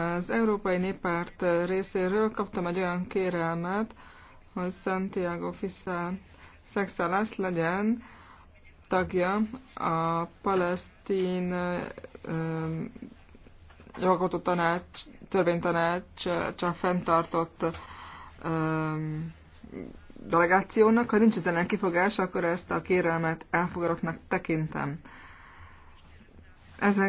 Az Európai Néppárt részéről kaptam egy olyan kérelmet, hogy Santiago Fissa Szexalász legyen tagja a palesztin jogotó tanács, törvénytanács csak fenntartott ö, delegációnak. Ha nincs ezen kifogás, akkor ezt a kérelmet elfogadottnak tekintem. Ezen